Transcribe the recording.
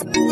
you